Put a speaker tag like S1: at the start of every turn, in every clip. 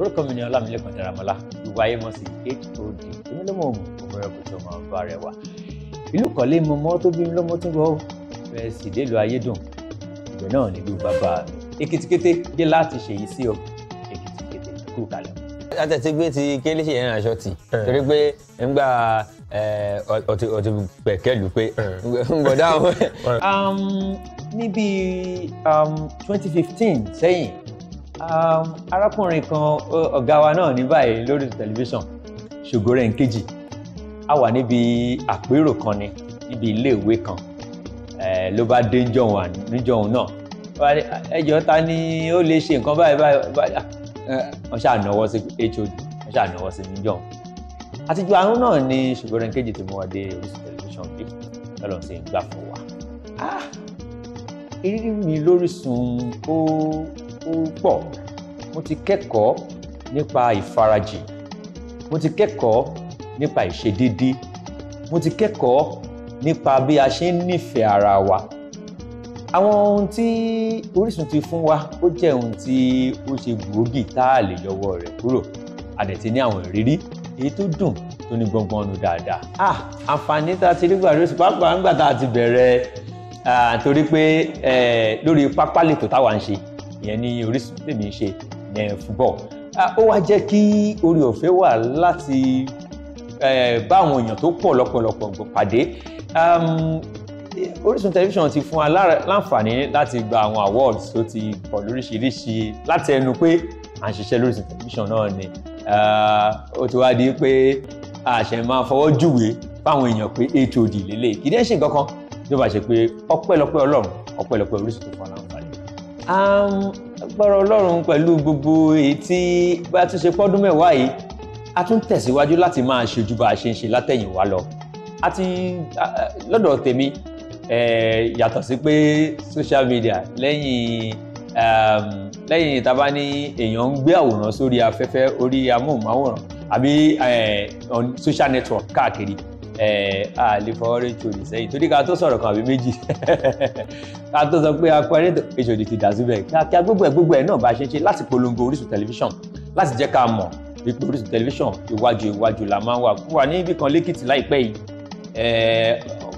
S1: orúkọ mi ni ọlámilẹ́kan daramọ́lá ìwà ayé mọ̀ sí hod èmi ló mọ̀ òun òun ẹ̀kọ́ tó máa bá rẹ̀ wá ìlú kọ̀lé mọ mọ́ tó bí mi lọ́mọ tó rọ rẹ̀ sì délùú ayédùn ìgbẹ́ náà nílùú bàbá mi èkìtìkété dé láti ṣèyí sí ọ èkìtìkété kú kalẹ̀. látẹ̀tí gbé ti kélé ṣe ìrìn àṣọ tì torí pé ńgbà ọtí pẹ̀kẹ́lù pé ńgbọ̀dá àwọn. Um, níbi um, twenty fifteen sẹ́yìn Um, arákùnrin kan ọ̀gá wa náà ní báyìí lórí tẹlifíṣàn ṣògòrè nkejì a wà níbi àpérò kan ni níbi iléèwé kan ló bá dé níjọ̀hún níjọ̀hún náà ẹjọ́ ta ni ó lè ṣe nǹkan báyìí báyìí ah, wọ́n ṣáà sí hod wọ́n ṣáà sí níjọ̀hún àtijọ́ àánú náà ni ṣògòrè nkejì ti mú wa dé Orísun tẹlifíṣàn bí lọ́lọ́run ṣe ń gbà fún wa ah, ìrírí mi lórísun ó ó pọ̀ mo ti kẹ́kọ̀ọ́ nípa ìfarajìn mo ti kẹ́kọ̀ọ́ nípa ìṣedédé mo ti kẹ́kọ̀ọ́ nípa bí a ṣe ń nífẹ̀ẹ́ ara wa àwọn ohun tí Orísun ti fún wa ó jẹ́ ohun tí ó ṣe gbòógì tá a lè yọwọ́ rẹ̀ kúrò àdẹ̀tí ní àwọn ìrírí èyí tó dùn tó ní gbọ̀ngbọ̀n ọ̀nù dáadáa. ah àǹfààní tá a ti rí gbà lóṣù pápá ńgbà tá a ti bẹ̀rẹ̀ torí pé lórí pápá lètò táwa ń ṣe ìyẹn ní Orísun tèmi ń ṣe ìyẹn football ó wá jẹ́ kí orí ọ̀fẹ́ wà láti bá àwọn èèyàn tó pọ̀ lọ́pọ̀lọpọ̀ pàdé Orísun tẹlifíṣàn ti fún wa láǹfààní láti gba àwọn awards tó ti pọ̀ lóríṣiríṣi láti ẹnu pé à ń ṣiṣẹ́ lórísun tẹlifíṣàn náà ni ó ti wá di pé àṣẹ máa fọwọ́ júwe fáwọn èèyàn pé hod lélẹ̀ kì í ṣe nǹkan kan bí bá ṣe pé ọpẹ́lọpẹ́ ọlọ́run ọpẹ́lọpẹ́ Orísun tó fún a agbára ọlọ́run pẹ̀lú gbogbo èyí tí bá tún ṣe pọ́dún mẹ́wàá yìí a tún tẹ̀síwájú láti máa ṣe ojú bá a ṣe ń ṣe látẹ̀yìn wá lọ a ti lọ́dọ̀ tèmi yàtọ̀ sí pé social media lẹ́yìn lẹ́yìn tá bá ní èèyàn ń gbé àwòrán sórí afẹ́fẹ́ orí amóhùnmáwòrán àbí social network káàkiri a lè fọwọ́ rẹ́jọ òdì sẹ́yìn torí ká tó sọ̀rọ̀ kan àbí méjì ká tó sọ pé akọrin èjò ti dà síbẹ̀ kí a gbogbo ẹ̀ gbogbo ẹ̀ náà bá ṣe ń ṣe láti polongo Orísun tẹlifíṣàn láti jẹ́ ká mọ̀ wípé Orísun tẹlifíṣàn iwájú iwájú la máa ń wà wà ní ibì kan lẹ́kìtì láìpẹ́ yìí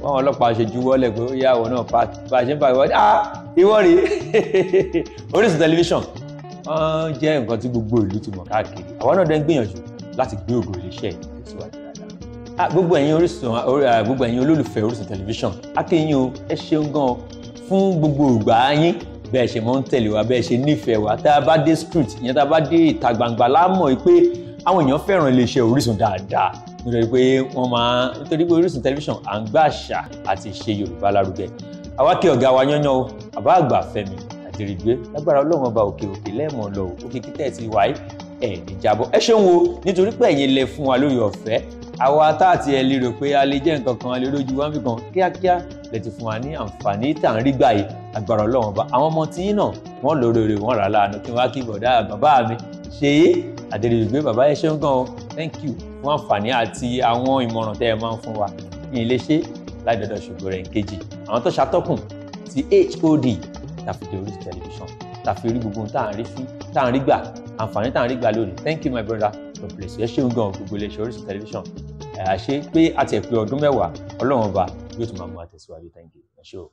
S1: wọn ọlọ́pàá ṣe juwọ́lẹ̀ pé ó yá àwọn náà bá a ṣe ń bá ìwọ́de ah ìwọ́ rèé Orísun tẹlifíṣàn wọ́n jẹ́ nǹkan tí gbogbo ìlú ti mọ̀ káàkiri àwọn náà dẹ́ ń gbìyànjú láti gbé ògo iléeṣẹ́ ìtẹ̀síwájú. Ah, gbogbo ẹ̀yin orísun ah, ah, gbogbo ẹ̀yin olólùfẹ́ orísun tẹlifíṣàn akéyìn o ẹ ṣeun gan fún gbogbo ìgbà yín bẹ́ẹ̀ ṣe máa ń tẹ̀lé wa bẹ́ẹ̀ ṣe nífẹ̀ẹ́ wa tá a bá dé street ìyẹn tá a bá dé ìta gbangba láàmọ̀ pé àwọn èèyàn fẹ́ràn iléeṣẹ́ orísun dáadáa nítorí pé wọ́n máa nítorí pé orísun tẹlifíṣàn à ń gbé àṣà àti ìṣe yorùbá lárugẹ àwa kí ọ̀gá wa yányán o àbá àgbà fẹ́mi àdìrìgbé lágbára ọlọ́run ọba òkè òkè lẹ́ẹ̀mọ́ lọ òkè kíkẹ́ ti wáyé ẹ̀ níjàbọ̀ ẹ ṣeun o nítorí pé ẹ̀yin lẹ fún wa lórí ọ̀fẹ́ àwa tá àti ẹ̀ lè rò pé a lè jẹ́ nǹkan kan a lè rójú wá nǹkan kíákíá lè ti fún wa ní àǹfààní tá à ń rí gbà yìí agbára ọlọ́run ọba àwọn ọmọ tí náà wọ́n lóore wọ́n rà láàánú kí wọ́n á kí bọ̀dá bàbá mi ṣe é àdèrègbè bàbá ẹ ṣeun gan o thank you fún àǹfààní àti àwọn ìmọ̀ràn tẹ́ ẹ máa ń fún wa ní iléeṣẹ́ láìdọ̀dọ̀ ṣògo rẹ̀ nkejì àwọn tó ṣàtọ́kùn ti HOD tàfi dé Orísun tẹlifíṣàn tàfi rí gbogbo tá à ń rí fí àǹfààní tá gbà lónìí thank you my brother God bless you ẹ ṣeun gan o gbogbo iléeṣẹ́ Orísun tẹlifíṣàn àṣé pé àtẹ̀pẹ́ ọdún mẹ́wàá ọlọ́run ọba yóò tún máa mú àtẹ̀síwájú thank you ẹ ṣé o.